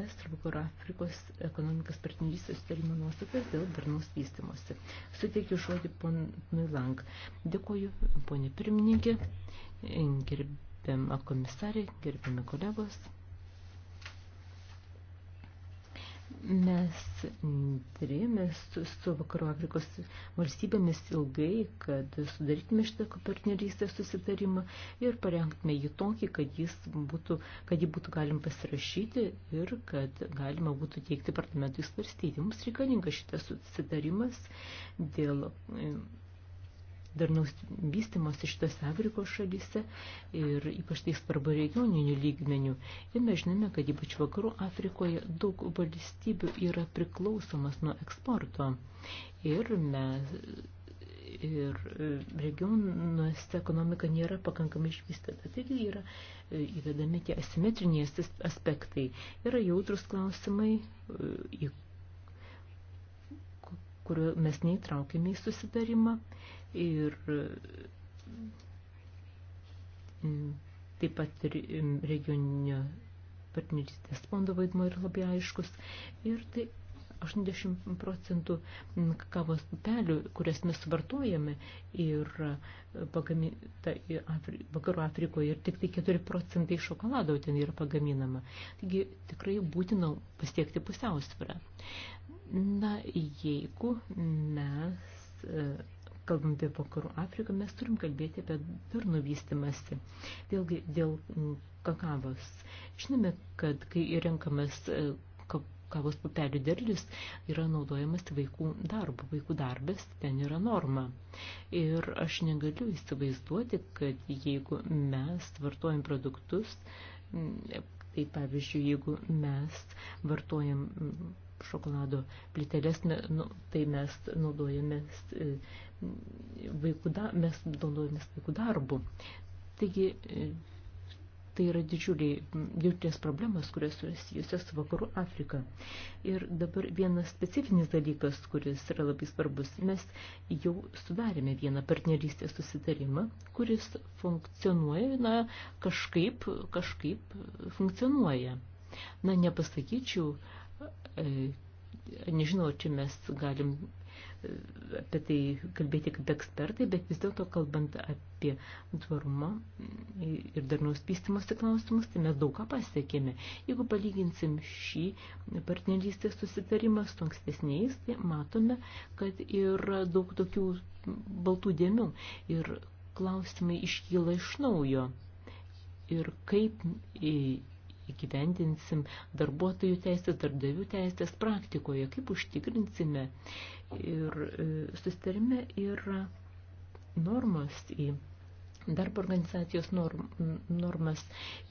ES ir Vakarų Afrikos ekonomikos partnerystės sutarimo nuostatas dėl darnaus vystimosi. Suteikiu žodį ponui Lang. Dėkuoju, ponė pirmininkė, gerbiama komisarė, gerbiami kolegos. Mes dėrėmės su, su Vakarų Afrikos valstybėmis ilgai, kad sudarytume šitą partnerystės susitarimą ir parengtume jį tokį, kad, jis būtų, kad jį būtų galim pasirašyti ir kad galima būtų teikti parlamentui svarstyti. Mums reikalingas šitas susitarimas dėl darnaus vystimosi šitose Afrikos šalyse ir ypač tai svarbu regioninių lygmenių. Ir mes žinome, kad ypač vakarų Afrikoje daug valstybių yra priklausomas nuo eksporto. Ir mes ir regionuose ekonomika nėra pakankamai išvystyta. Taigi yra e, įvedami tie asimetriniai aspektai. Yra jautrus klausimai, e, į kurio mes neįtraukėme į susitarimą ir mm, taip pat mm, regioninio partnerystės fondo vaidmo yra labai aiškus. Ir tai 80 procentų mm, kavos pupelių, kurias mes vartojame, yra pagaminta vakarų Afrikoje ir tik tai 4 procentai šokolado ten yra pagaminama. Taigi tikrai būtina pasiekti pusiausvyrą. Na, jeigu mes e, kalbam apie vakarų Afriką, mes turim kalbėti apie darnų vystimąsi. Dėl, dėl kakavos. Žinome, kad kai renkamas e, kakavos pupelių derlius, yra naudojamas vaikų darbo. Vaikų darbas ten yra norma. Ir aš negaliu įsivaizduoti, kad jeigu mes vartojam produktus, tai pavyzdžiui, jeigu mes vartojam šokolado plyteles, nu, tai mes naudojame vaikų da, mes naudojamės vaikų darbu. Taigi, e, tai yra didžiuliai, didžiulės problemas, kurios yra susijusios su vakarų Afrika. Ir dabar vienas specifinis dalykas, kuris yra labai svarbus, mes jau sudarėme vieną partnerystės susitarimą, kuris funkcionuoja, na, kažkaip, kažkaip funkcionuoja. Na, nepasakyčiau, e, nežinau, čia mes galim apie tai kalbėti kaip ekspertai, bet vis dėlto kalbant apie tvarumą ir darnaus vystimosi klausimus, tai mes daug ką pasiekėme. Jeigu palyginsim šį partnerystės susitarimą su ankstesniais, tai matome, kad yra daug tokių baltų dėmių ir klausimai iškyla iš naujo. Ir kaip įgyvendinsim darbuotojų teisės, darbdavių teisės praktikoje, kaip užtikrinsime. Ir e, susitarime yra normos į darbo organizacijos norm, normas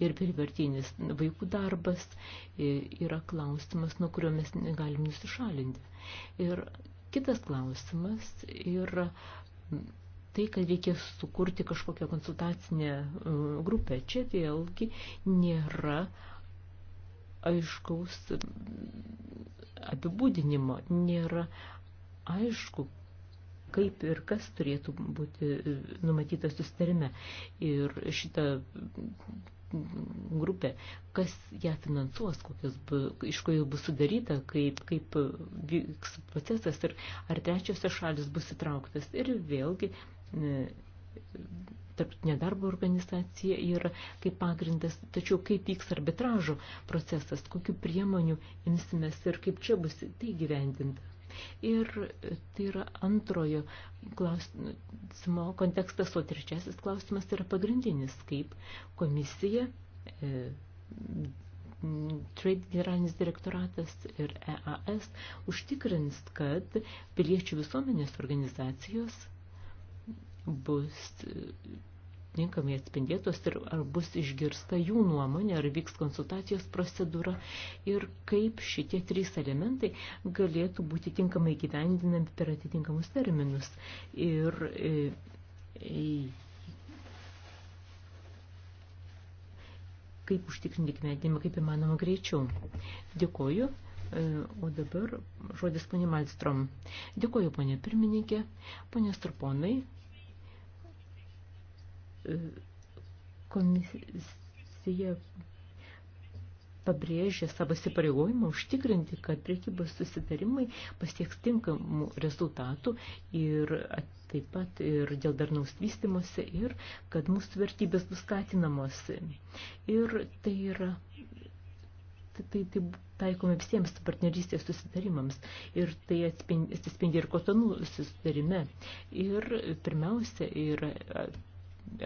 ir privertinis vaikų darbas e, yra klausimas, nuo kurio mes negalim nusišalinti. Ir kitas klausimas yra tai, kad reikia sukurti kažkokią konsultacinę e, grupę. Čia vėlgi nėra aiškaus apibūdinimo, nėra aišku, kaip ir kas turėtų būti e, numatyta susitarime. Ir šita grupė, kas ją finansuos, kokios, iš ko jau bus sudaryta, kaip, kaip vyks procesas ir ar trečiosios šalis bus įtrauktas. Ir vėlgi e, tarptautinė darbo organizacija yra kaip pagrindas, tačiau kaip vyks arbitražo procesas, kokiu priemonių imsimės ir kaip čia bus tai gyvendinta. Ir tai yra antrojo klausimo kontekstas, o trečiasis klausimas yra pagrindinis, kaip komisija, e, Trade generalinis direktoratas ir EAS užtikrins, kad piliečių visuomenės organizacijos bus tinkamai atspindėtos ir ar bus išgirsta jų nuomonė, ar vyks konsultacijos procedūra ir kaip šitie trys elementai galėtų būti tinkamai gyvendinami per atitinkamus terminus. Ir, e, e, kaip užtikrinti gyvenimą, kaip įmanoma greičiau. Dėkoju. E, o dabar žodis ponė Malstrom. Dėkoju, ponė pirmininkė, ponė Starponai komisija pabrėžė savo įsipareigojimą užtikrinti, kad priekybos susitarimai pasieks tinkamų rezultatų ir taip pat ir dėl darnaus vystimosi ir kad mūsų vertybės bus skatinamos. Ir tai yra tai, tai, tai taikome visiems partnerystės susitarimams ir tai atsispindi ir kotonų susitarime. Ir pirmiausia, yra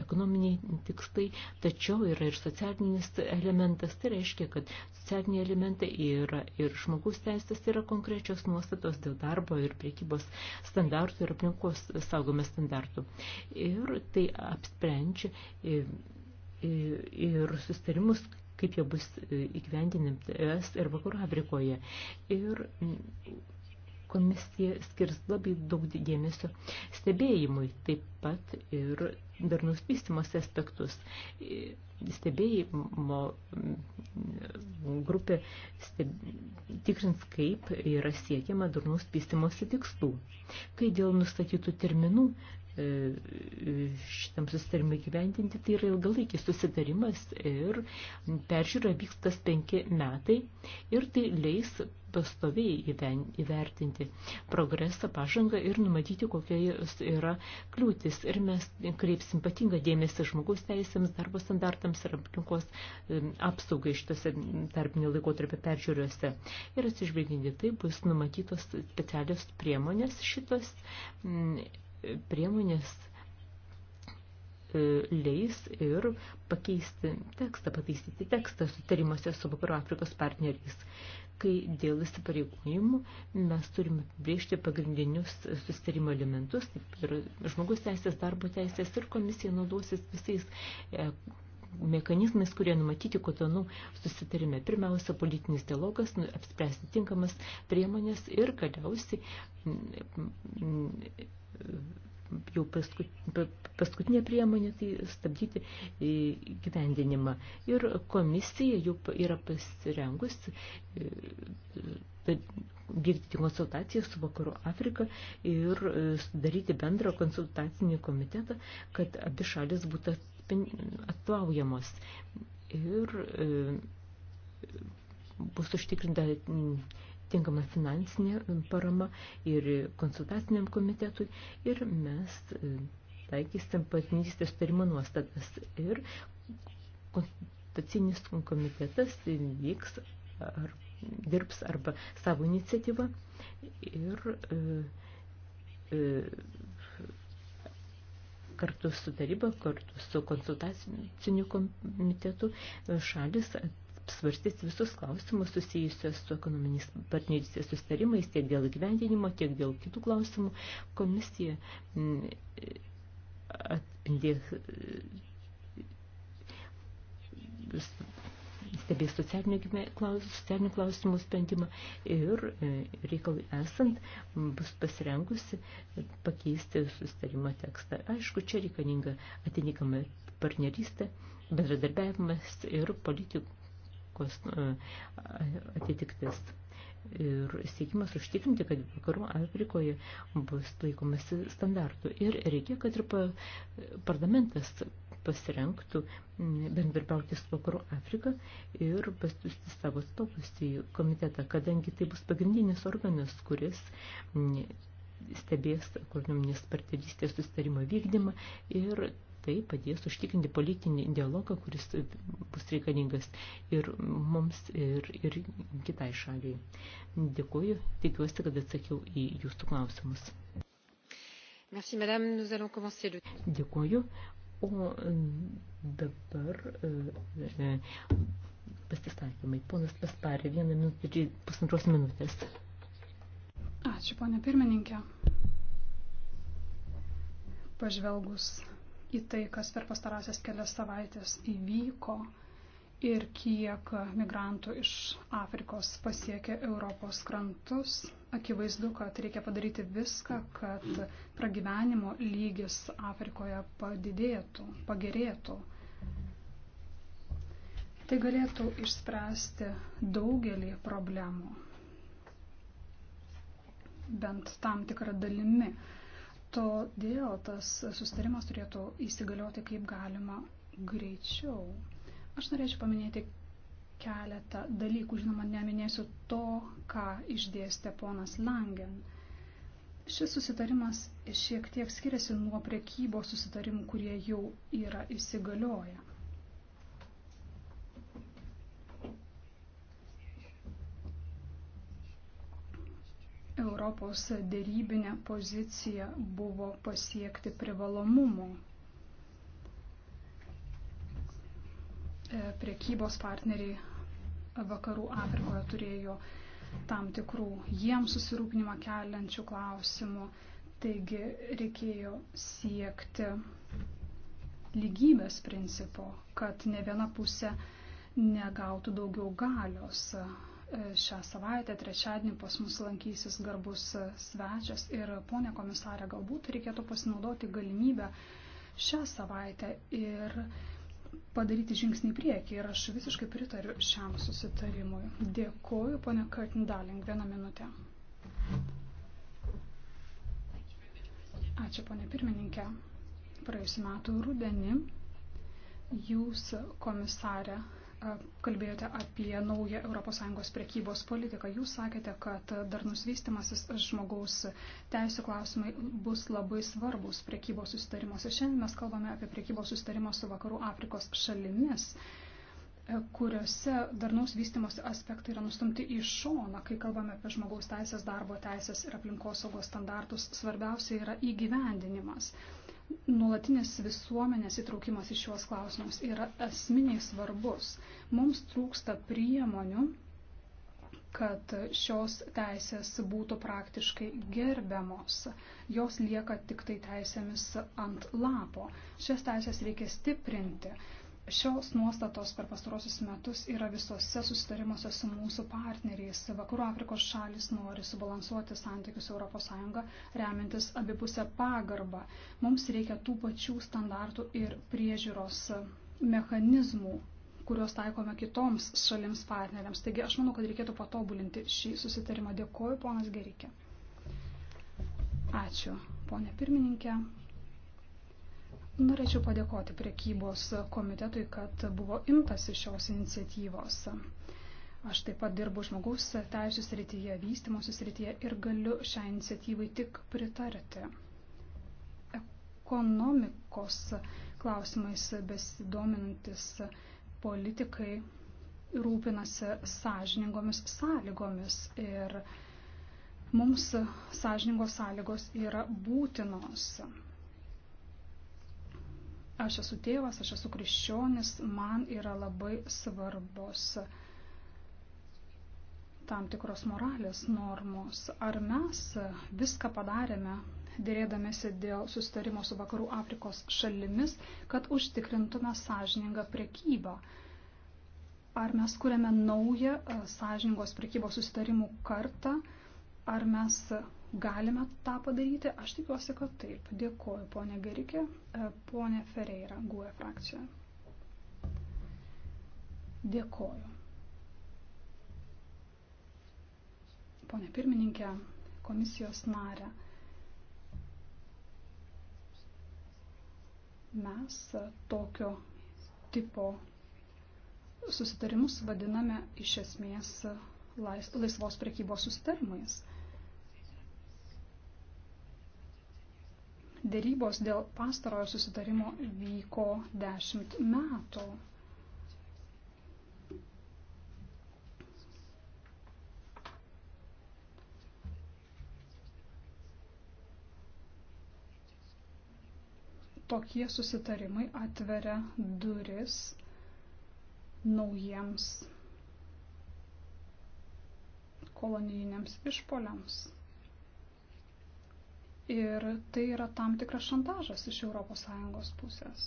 ekonominiai tikslai, tačiau yra ir socialinis elementas. Tai reiškia, kad socialiniai elementai yra ir žmogus teisės, tai yra konkrečios nuostatos dėl darbo ir priekybos standartų ir aplinkos saugomės standartų. Ir tai apsprendžia ir, e, e, ir sustarimus, kaip jie bus e, įgyvendinami ES ir Vakarų Afrikoje. Ir komisija skirs labai daug dėmesio stebėjimui, taip pat ir darnus vystimas aspektus. Stebėjimo mm, grupė steb... tikrins, kaip yra siekiama darnus vystimosi tikslų. Kai dėl nustatytų terminų, E, šitam susitarimui gyventinti, tai yra ilgalaikis susitarimas ir peržiūra vyks kas penki metai ir tai leis pastoviai įvertinti progresą, pažangą ir numatyti, kokie yra kliūtis. Ir mes kreipsim patingą dėmesį žmogaus teisėms, darbo standartams ir aplinkos e, apsaugai šitose tarpinio laikotarpio peržiūriuose. Ir atsižvelginti tai bus numatytos specialios priemonės šitos priemonės e, leis ir pakeisti tekstą, pataisyti tekstą sutarimuose su Vakarų Afrikos partneriais. Kai dėl įsipareigojimų mes turime apibrėžti pagrindinius sustarimo elementus, taip ir žmogus teisės, darbo teisės ir komisija naudosis visais e, mechanizmais, kurie numatyti kotonų susitarime. Pirmiausia, politinis dialogas, nu, apspręsti tinkamas priemonės ir galiausiai mm, jau paskutinė priemonė tai stabdyti gyvendinimą. Ir komisija jau yra pasirengusi e, vykdyti konsultaciją su Vakarų Afrika ir e, sudaryti bendrą konsultacinį komitetą, kad abi šalis būtų atstovaujamos ir e, bus užtikrinta tinkama finansinė parama ir konsultaciniam komitetui ir mes e, taikysim partnerystės tarimo nuostatas ir konsultacinis komitetas vyks ar dirbs arba savo iniciatyvą ir e, e, kartu su taryba, kartu su konsultaciniu komitetu šalis apsvarstys visus klausimus susijusios su ekonominiais partnerystės sustarimais, tiek dėl gyvendinimo, tiek dėl kitų klausimų. Komisija mm, atspindė stebės socialinių, socialinių klausimų sprendimą ir e, reikalui esant bus pasirengusi e, pakeisti sustarimo tekstą. Aišku, čia reikalinga atitinkama partnerystė, bendradarbiavimas ir politikos e, atitiktis ir siekimas užtikrinti, kad vakarų Afrikoje bus laikomasi standartų. Ir reikia, kad ir parlamentas pasirenktų bendarbiauti su Vakarų Afrika ir pasiūsti savo atstovus į komitetą, kadangi tai bus pagrindinis organas, kuris stebės ekonominės partnerystės sustarimo vykdymą ir tai padės užtikrinti politinį dialogą, kuris bus reikalingas ir mums, ir, ir kitai šaliai. Dėkuoju, tikiuosi, kad atsakiau į jūsų klausimus. Merci, madame. Nous allons commencer le... Dėkuoju. O dabar e, e, pasisakymai. Ponas Pasparė, vieną minutę, pusantros minutės. Ačiū, ponė pirmininkė. Pažvelgus į tai, kas per pastarąsias kelias savaitės įvyko, ir kiek migrantų iš Afrikos pasiekia Europos krantus. Akivaizdu, kad reikia padaryti viską, kad pragyvenimo lygis Afrikoje padidėtų, pagerėtų. Tai galėtų išspręsti daugelį problemų, bent tam tikrą dalimi. Todėl tas sustarimas turėtų įsigalioti kaip galima greičiau. Aš norėčiau paminėti keletą dalykų, žinoma, neminėsiu to, ką išdėstė ponas Langen. Šis susitarimas šiek tiek skiriasi nuo priekybos susitarimų, kurie jau yra įsigalioję. Europos dėrybinė pozicija buvo pasiekti privalomumo E, priekybos partneriai vakarų Afrikoje turėjo tam tikrų jiems susirūpinimą keliančių klausimų. Taigi reikėjo siekti lygybės principo, kad ne viena pusė negautų daugiau galios. E, šią savaitę, trečiadienį pas mus lankysis garbus svečias ir ponė komisarė, galbūt reikėtų pasinaudoti galimybę šią savaitę ir uh, padaryti žingsnį į priekį ir aš visiškai pritariu šiam susitarimui. Dėkoju, ponia Curtin Darling, vieną minutę. Ačiū, ponia pirmininkė. Praėjusiu metu rudenį jūs, komisarė, kalbėjote apie naują ES prekybos politiką. Jūs sakėte, kad darnus vystimasis žmogaus teisų klausimai bus labai svarbus prekybos sustarimuose. Šiandien mes kalbame apie prekybos sustarimą su Vakarų Afrikos šalimis e, kuriuose darnaus vystimosi aspektai yra nustumti į šoną, kai kalbame apie žmogaus teisės, darbo teisės ir aplinkosaugos standartus, svarbiausia yra įgyvendinimas. Nuolatinis visuomenės įtraukimas į šiuos klausimus yra esminiai svarbus. Mums trūksta priemonių, kad šios teisės būtų praktiškai gerbiamos. Jos lieka tik tai teisėmis ant lapo. Šias teisės reikia stiprinti. Šios nuostatos per pastarosius metus yra visose susitarimuose su mūsų partneriais. Vakarų Afrikos šalis nori subalansuoti santykius ES remintis abipusę pagarbą. Mums reikia tų pačių standartų ir priežiūros mechanizmų, kuriuos taikome kitoms šalims partneriams. Taigi aš manau, kad reikėtų patobulinti šį susitarimą. Dėkuoju, ponas Gerikė. Ačiū, ponė pirmininkė. Norėčiau padėkoti priekybos komitetui, kad buvo imtasi šios iniciatyvos. Aš taip pat dirbu žmogaus teisų srityje, vystimosi srityje ir galiu šią iniciatyvai tik pritarti. Ekonomikos klausimais besidominantis politikai rūpinasi sąžiningomis sąlygomis ir mums sąžiningos sąlygos yra būtinos. Aš esu tėvas, aš esu krikščionis, man yra labai svarbos tam tikros moralės normos. Ar mes viską padarėme, dėrėdamėsi dėl sustarimo su Vakarų Afrikos šalimis, kad užtikrintume sąžiningą prekybą? Ar mes kuriame naują e, sąžiningos prekybos sustarimų kartą? Ar mes Galime tą padaryti, aš tikiuosi, kad taip. Dėkuoju, ponė Gerikė, e, ponė Ferreira, GUE frakcija. Dėkuoju. Pone pirmininkė, komisijos narė. Mes tokio tipo susitarimus vadiname iš esmės laisvos prekybos susitarimais. Dėrybos dėl pastarojo susitarimo vyko dešimt metų. Tokie susitarimai atveria duris naujiems kolonijiniams išpoliams. Ir tai yra tam tikras šantažas iš ES pusės.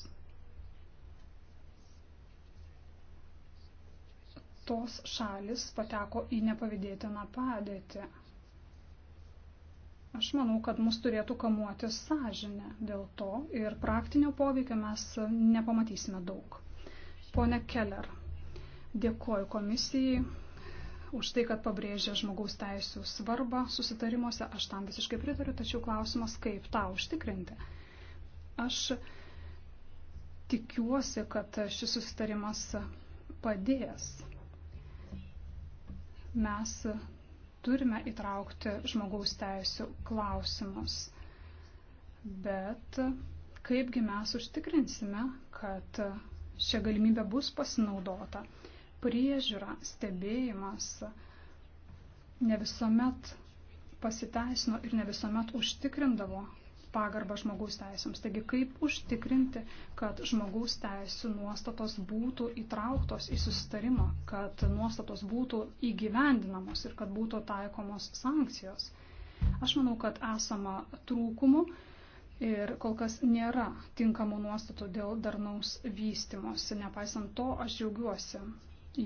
Tos šalis pateko į nepavydėtiną padėtį. Aš manau, kad mus turėtų kamuoti sąžinę dėl to ir praktinio poveikio mes nepamatysime daug. Pone Keller, dėkoju komisijai už tai, kad pabrėžia žmogaus teisų svarbą susitarimuose. Aš tam visiškai pritariu, tačiau klausimas, kaip tą užtikrinti. Aš tikiuosi, kad šis susitarimas padės. Mes turime įtraukti žmogaus teisų klausimus. Bet kaipgi mes užtikrinsime, kad šią galimybę bus pasinaudota priežiūra, stebėjimas ne visuomet pasiteisino ir ne visuomet užtikrindavo pagarbą žmogaus teisėms. Taigi, kaip užtikrinti, kad žmogaus teisų nuostatos būtų įtrauktos į susitarimą, kad nuostatos būtų įgyvendinamos ir kad būtų taikomos sankcijos. Aš manau, kad esama trūkumų ir kol kas nėra tinkamų nuostatų dėl darnaus vystimosi. Nepaisant to, aš džiaugiuosi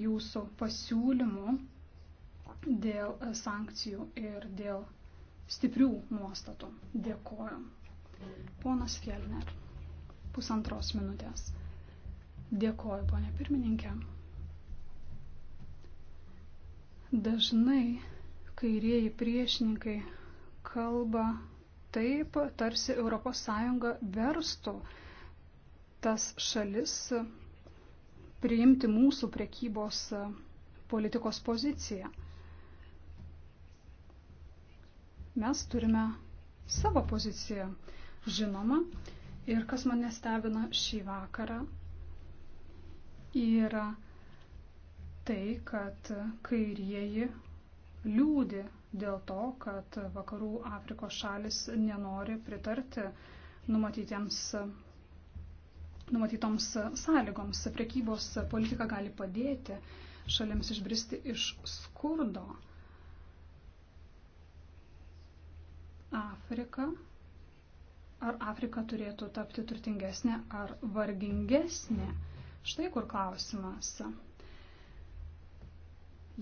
jūsų pasiūlymų dėl sankcijų ir dėl stiprių nuostatų. Dėkoju. Ponas Fjellner, pusantros minutės. Dėkoju, ponė pirmininkė. Dažnai kairieji priešininkai kalba taip, tarsi ES verstų tas šalis priimti mūsų prekybos e, politikos poziciją. Mes turime savo poziciją, žinoma. Ir kas mane stebina šį vakarą, yra tai, kad kairieji liūdi dėl to, kad vakarų Afrikos šalis nenori pritarti numatytiems numatytoms sąlygoms. Prekybos politika gali padėti šalims išbristi iš skurdo. Afrika. Ar Afrika turėtų tapti turtingesnė ar vargingesnė? Štai kur klausimas.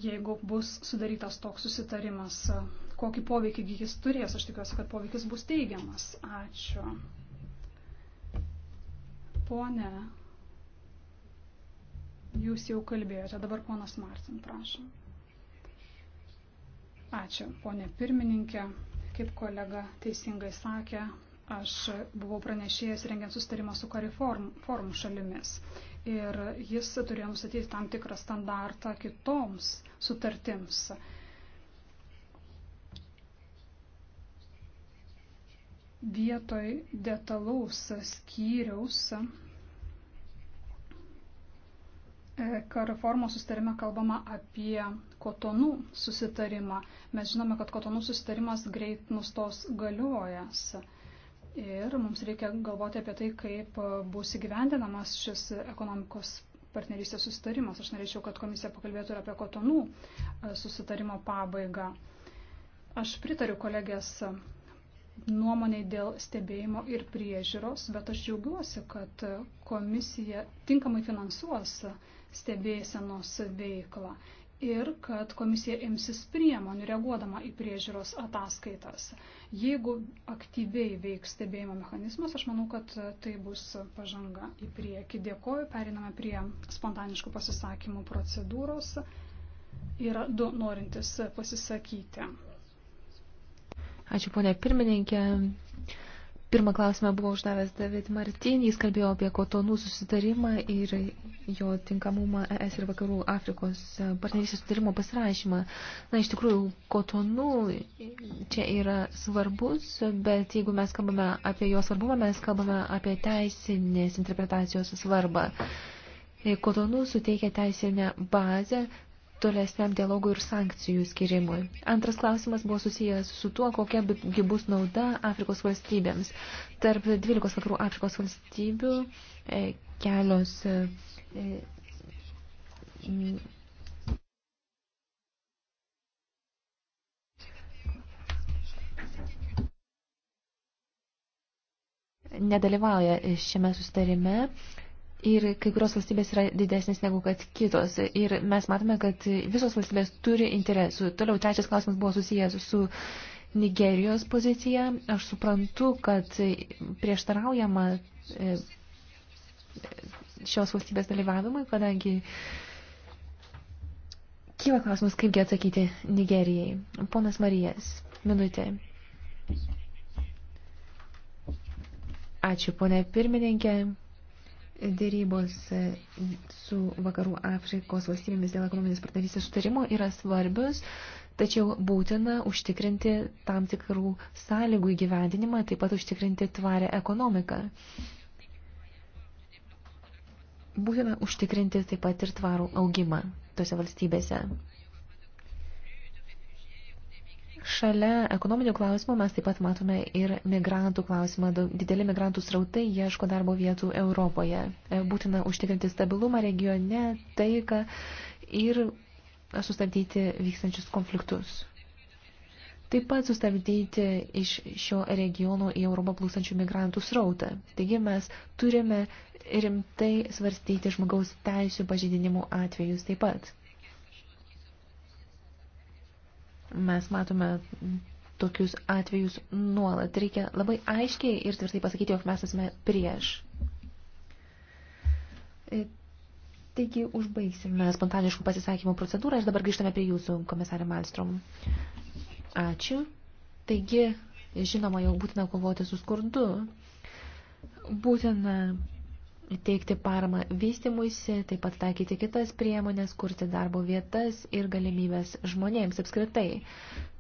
Jeigu bus sudarytas toks susitarimas, kokį poveikį jis turės, aš tikiuosi, kad poveikis bus teigiamas. Ačiū. Pone, jūs jau kalbėjote, dabar ponas Martin, prašom. Ačiū, ponė pirmininkė. Kaip kolega teisingai sakė, aš buvau pranešėjęs rengiant sustarimą su Kariform forum šalimis. Ir jis turėjo nustatyti tam tikrą standartą kitoms sutartims. Vietoj detalaus skyriaus E, Kareformo susitarime kalbama apie kotonų susitarimą. Mes žinome, kad kotonų susitarimas greit nustos galiojas. Ir mums reikia galvoti apie tai, kaip bus įgyvendinamas šis ekonomikos partnerystės susitarimas. Aš norėčiau, kad komisija pakalbėtų ir apie kotonų e, susitarimo pabaigą. Aš pritariu kolegės nuomonė dėl stebėjimo ir priežiūros, bet aš džiaugiuosi, kad komisija tinkamai finansuos stebėsenos veiklą ir kad komisija imsis priemonių reaguodama į priežiūros ataskaitas. Jeigu aktyviai veiks stebėjimo mechanizmas, aš manau, kad tai bus pažanga į priekį. Dėkoju, periname prie spontaniškų pasisakymų procedūros. Yra du norintis pasisakyti. Ačiū, ponė pirmininkė. Pirmą klausimą buvo uždavęs David Martin, jis kalbėjo apie kotonų susitarimą ir jo tinkamumą ES ir Vakarų Afrikos partnerystės sutarimo pasirašymą. Na, iš tikrųjų, kotonų čia yra svarbus, bet jeigu mes kalbame apie jo svarbumą, mes kalbame apie teisinės interpretacijos svarbą. Kotonų suteikia teisinę bazę, tolesniam dialogui ir sankcijų skirimui. Antras klausimas buvo susijęs su tuo, kokia bus nauda Afrikos valstybėms. Tarp 12 vakarų Afrikos valstybių e, kelios e, e, nedalyvauja šiame sustarime ir kai kurios valstybės yra didesnės negu kad kitos. Ir mes matome, kad visos valstybės turi interesų. Toliau trečias klausimas buvo susijęs su Nigerijos pozicija. Aš suprantu, kad prieštaraujama e, šios valstybės dalyvavimui, kadangi kyla klausimas, kaipgi atsakyti Nigerijai. Ponas Marijas, minutė. Ačiū, ponė pirmininkė. Dėrybos e, su Vakarų Afrikos valstybėmis dėl ekonominės partnerystės sutarimo yra svarbios, tačiau būtina užtikrinti tam tikrų sąlygų įgyvendinimą, taip pat užtikrinti tvarę ekonomiką. Būtina užtikrinti taip pat ir tvarų augimą tose valstybėse. Šalia ekonominių klausimų mes taip pat matome ir migrantų klausimą. Dideli migrantų srautai ieško darbo vietų Europoje. E, būtina užtikrinti stabilumą regione, taiką ir sustabdyti vykstančius konfliktus. Taip pat sustabdyti iš šio regiono į Europą plūstančių migrantų srautą. Taigi mes turime rimtai svarstyti žmogaus teisų pažydinimų atvejus taip pat. Mes matome tokius atvejus nuolat. Reikia labai aiškiai ir tvirtai pasakyti, jog mes esame prieš. E, taigi užbaigsime spontaniškų pasisakymų procedūrą ir dabar grįžtame prie jūsų, komisarė Malstrom. Ačiū. Taigi, žinoma, jau būtina kovoti su skurdu. Būtina teikti paramą vystimuisi, taip pat taikyti kitas priemonės, kurti darbo vietas ir galimybės žmonėms apskritai.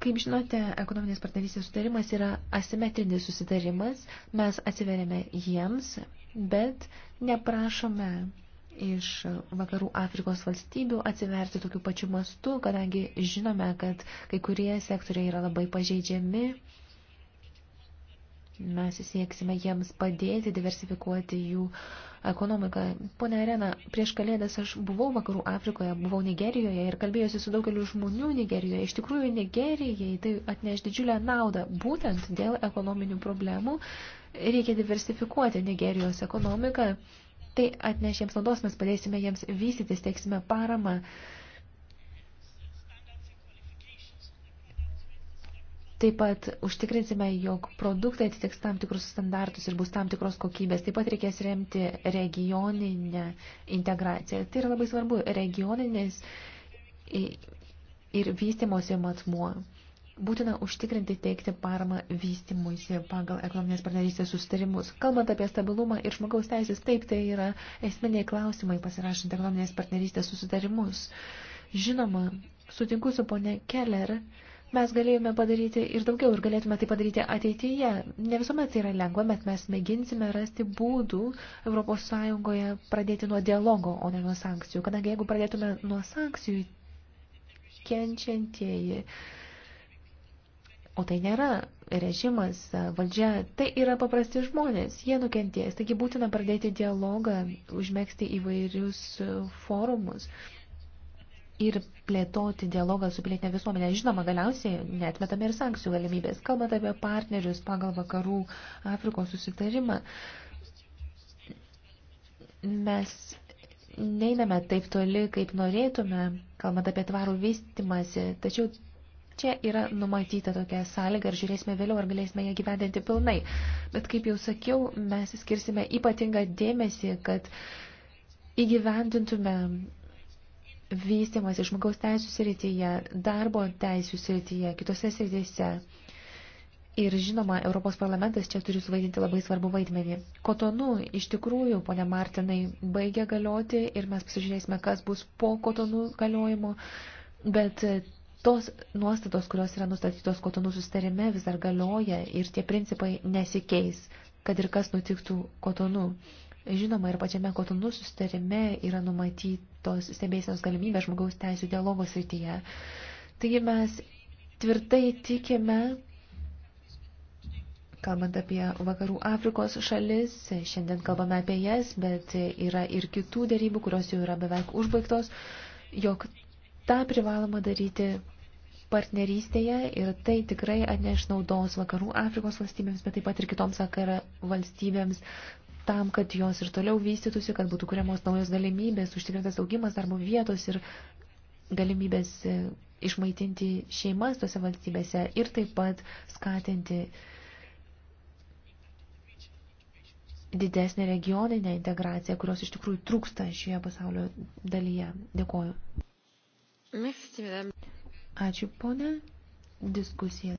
Kaip žinote, ekonominės partnerystės sutarimas yra asimetrinis susitarimas, mes atsiveriame jiems, bet neprašome iš vakarų Afrikos valstybių atsiverti tokiu pačiu mastu, kadangi žinome, kad kai kurie sektoriai yra labai pažeidžiami Mes sieksime jiems padėti diversifikuoti jų ekonomiką. Pone Arena, prieš kalėdas aš buvau Vakarų Afrikoje, buvau Nigerijoje ir kalbėjusi su daugeliu žmonių Nigerijoje. Iš tikrųjų, Nigerijai tai atneš didžiulę naudą būtent dėl ekonominių problemų. Reikia diversifikuoti Nigerijos ekonomiką. Tai atneš jiems naudos, mes padėsime jiems vystytis, teiksime paramą. Uh, Taip pat užtikrinsime, jog produktai atitiks tam tikrus standartus ir bus tam tikros kokybės. Taip pat reikės remti regioninę integraciją. Tai yra labai svarbu regioninės ir vystimosi matmuo. Būtina užtikrinti teikti paramą vystimuisi pagal ekonominės partnerystės sustarimus. Kalbant apie stabilumą ir žmogaus teisės, taip tai yra esminiai klausimai pasirašant ekonominės partnerystės susitarimus. Žinoma, sutinku su ponė Keller, mes galėjome padaryti ir daugiau ir galėtume tai padaryti ateityje. Ne visuomet tai yra lengva, bet mes mėginsime rasti būdų Europos Sąjungoje pradėti nuo dialogo, o ne nuo sankcijų. Kadangi jeigu pradėtume nuo sankcijų, kenčiantieji, O tai nėra režimas, valdžia, tai yra paprasti žmonės, jie nukentės, taigi būtina pradėti dialogą, užmėgsti įvairius forumus, ir plėtoti dialogą su pilietinė visuomenė. Žinoma, galiausiai netmetame ir sankcijų galimybės. Kalbant apie partnerius pagal vakarų Afrikos susitarimą, mes neiname taip toli, kaip norėtume, kalbant apie tvarų vystimąsi, tačiau čia yra numatyta tokia sąlyga ir žiūrėsime vėliau, ar galėsime ją gyvendinti pilnai. Bet kaip jau sakiau, mes skirsime ypatingą dėmesį, kad įgyvendintume vystimas žmogaus teisų srityje, darbo teisų srityje, kitose srityse. Ir žinoma, Europos parlamentas čia turi suvaidinti labai svarbu vaidmenį. Kotonu iš tikrųjų, ponia Martinai, baigia galioti ir mes pasižiūrėsime, kas bus po kotonų galiojimo, bet tos nuostatos, kurios yra nustatytos kotonų sustarime, vis dar galioja ir tie principai nesikeis, kad ir kas nutiktų kotonu. Žinoma, ir pačiame kotonų susitarime yra numatytos stebėsinos galimybės žmogaus teisų dialogo srityje. Taigi mes tvirtai tikime, kalbant apie vakarų Afrikos šalis, šiandien kalbame apie jas, bet yra ir kitų dėrybų, kurios jau yra beveik užbaigtos, jog tą privaloma daryti partnerystėje ir tai tikrai atneš naudos vakarų Afrikos valstybėms, bet taip pat ir kitoms AKR valstybėms, tam, kad jos ir toliau vystytųsi, kad būtų kuriamos naujos galimybės, užtikrintas augimas darbo vietos ir galimybės e, išmaitinti šeimas tose valstybėse ir taip pat skatinti didesnę regioninę integraciją, kurios iš tikrųjų trūksta šioje pasaulio dalyje. Dėkoju. Ačiū, ponė. Diskusija.